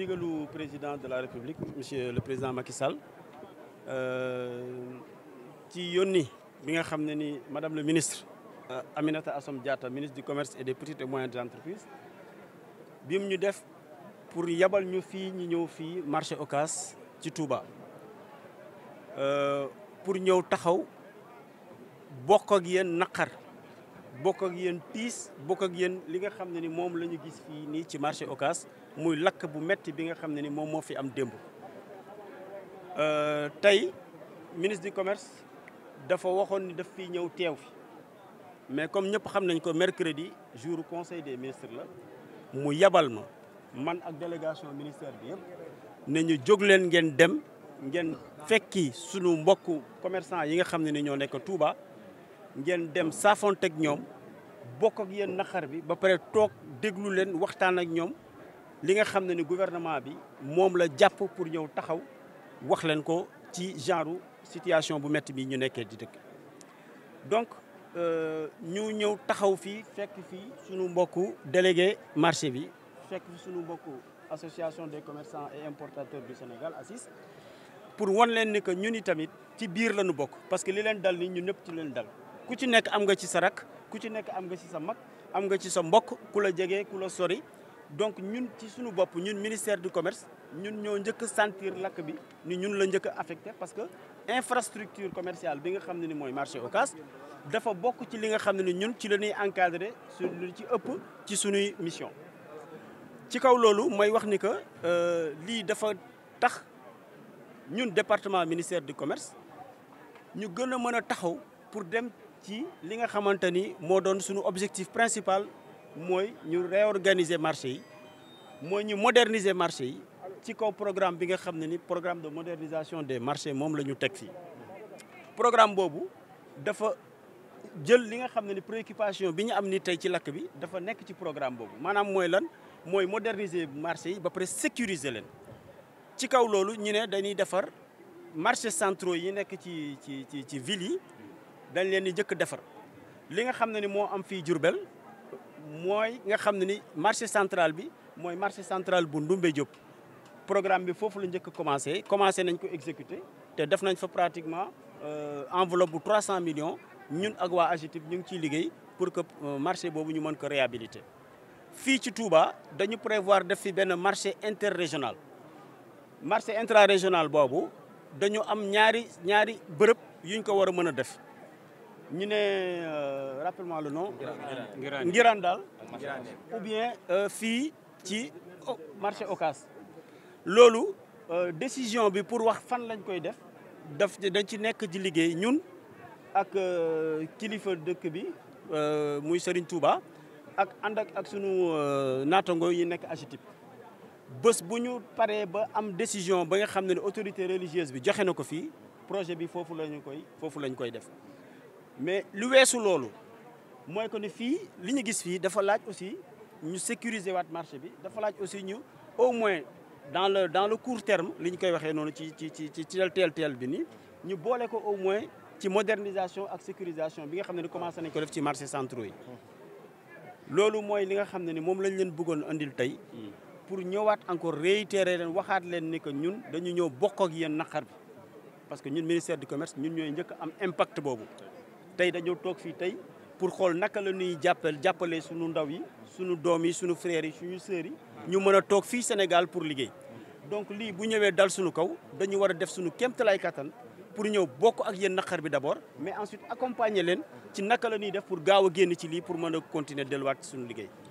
ndigalu président de la république monsieur le président Macky Sall euh, ci yónni bi nga xam ne ni madame le ministre euh, Aminata Assome Diatta ministre du commerce et des petites et moyennes entreprises bi mu ñu def pour yabal ñu fii ñu ñëw fii marché Ocass ci Touba euh, pour ñëw taxaw bokk ak yéen naqar bokk ak tiis bokk yen li nga xam ne ni moom la ñu gis fii nii ci marché Ocass muy lakk bu metti bi nga xam ne ni moom moo fi am démb euh, tey ministre du commerce dafa waxoon ni daf fi ñëw teew fi mais comme ñëpp xam nañ ko mercredi jour conseil des ministres la mu yabal ma man ak délégation ministère bi yëpp ne ñu jóg leen ngeen dem ngeen fekki sunu mbokk commerçant yi nga xam ne ni ñoo nekk Touba ngeen dem saafonteeg ñoom bokk ak yéen naqar bi ba pare toog déglu leen waxtaan ak ñoom li nga xam ne ni gouvernement bi moom la jàpp pour ñëw taxaw wax leen ko ci genre situation bu métti bi ñu nekkee di dëkk donc euh, ñu ñëw taxaw fii fekk fii sunu mbokku délégué marché bi fekk fi sunu mbokku association des commerçants et importateurs du Sénégal ACIS pour wan leen ni que ñun tamit ci biir lañu bokk parce que li leen dal ni ñun ñëpp ci leen dal ku ci nekk am nga ci sa rak ku ci nekk am nga ci sa mag am nga ci sa mbokk ku la jege ku la sori donc ñun ci suñu bopp ñun ministère du commerce ñun ñoo njëkk sentir lakk bi ni ñun la njëkk a parce que infrastructure commerciale bi nga xam ne ni mooy marché Ocass dafa bokk ci li nga xam ne ni ñun ci la ñuy encadré su lu ci ëpp ci suñuy mission ci kaw loolu mooy wax ni que euh, lii dafa tax ñun département ministère du commerce ñu gën a mën a taxaw pour dem ci li nga xamante ni moo doon suñu objectif principal mooy ñu réorganiser marché yi mooy ñu moderniser marché yi ci kaw programme bi nga xam ne ni programme de modernisation des marchés moom la ñu teg fii programme boobu dafa jël li nga xam ne ni préoccupation bi ñu am ni tey ci lakk bi dafa nekk ci programme boobu maanaam mooy lan mooy moderniser marché yi ba pare sécuriser leen ci kaw loolu ñu ne dañuy defar marché centraux yi nekk ci ci ci ci ville yi dañ leen di njëkk defar li nga xam ne ni moo am fii Diourbel mooy nga xam ne ni marché central bi mooy marché central bu Ndumbe Diop. programme bi foofu la njëkk commencé commencé nañ ko exécuter te def nañ fa pratiquement euh, enveloppe bu 300 millions ñun ak waa AGETIP ñu ngi ciy liggéey pour que euh, marché boobu ñu mën ko réhabiliter. fii ci Touba dañu prévoir def fi benn marché interrégional marché régional boobu dañu am ñaari ñaari bërëb yuñ ko war a mën a def. ñu ne euh, rappelle-moi le nom. Ngiraan daal. ou bien euh, fii ci oh, marché ocas loolu euh, décision bi pour wax fan lañ koy def daf dañ ci nekk ci liggéey ñun ak kilifa dëkk bi muy Serigne Touba ak ànd ak ak sunu naatango yi nekk AGETIP. bés bu ñu paree ba am décision ba nga xam ne ne autorité religieuse bi joxe na ko fii projet bi foofu lañu koy foofu lañ koy def. mais lu weesu loolu mooy que ni fii li ñu gis fii dafa laaj aussi ñu sécuriser waat marché bi dafa laaj aussi ñu au moins dans le dans le court terme li ñu koy waxee noonu ci ci ci ci teel teel bi ni ñu boole ko au moins ci modernisation ak sécurisation bi nga xam ne ni commencé nañ ko def ci marché centre yi. loolu mooy li nga xam ne ni moom lañ leen bëggoon andil tey. pour ñëwaat encore réitérer leen waxaat leen ni ñun dañu ñëw bokk ak yéen naqar bi parce que ñun ministère du commerce ñun ñooy njëkk am impact boobu. tey dañoo toog fii tey pour xool naka la ñuy jàppal jàppale suñu ndaw yi suñu doom yi suñu frères yi suñu sœurs yi ñu mën a toog fii Sénégal pour liggéey donc lii bu ñëwee dal suñu kaw dañu war def suñu kéemtalaay kattan pour ñëw bokk ak yéen naqar bi d'abord mais ensuite accompagner leen ci naka la ñuy def pour gaaw a génn ci lii pour mën a continuer delluwaat suñu liggéey